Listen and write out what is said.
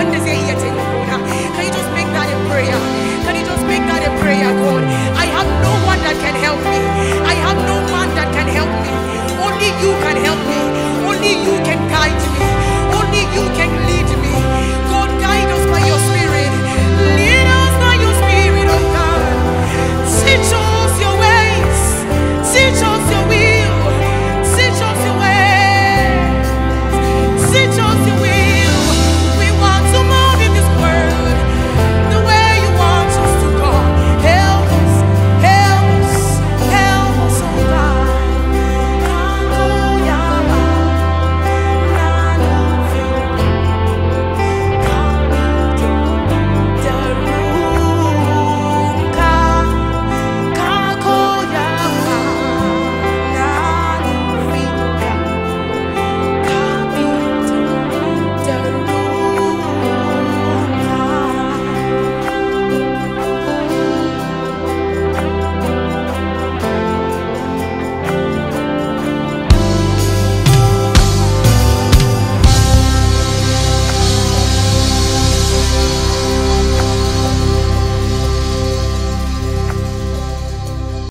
ወደዚያ እየተኛ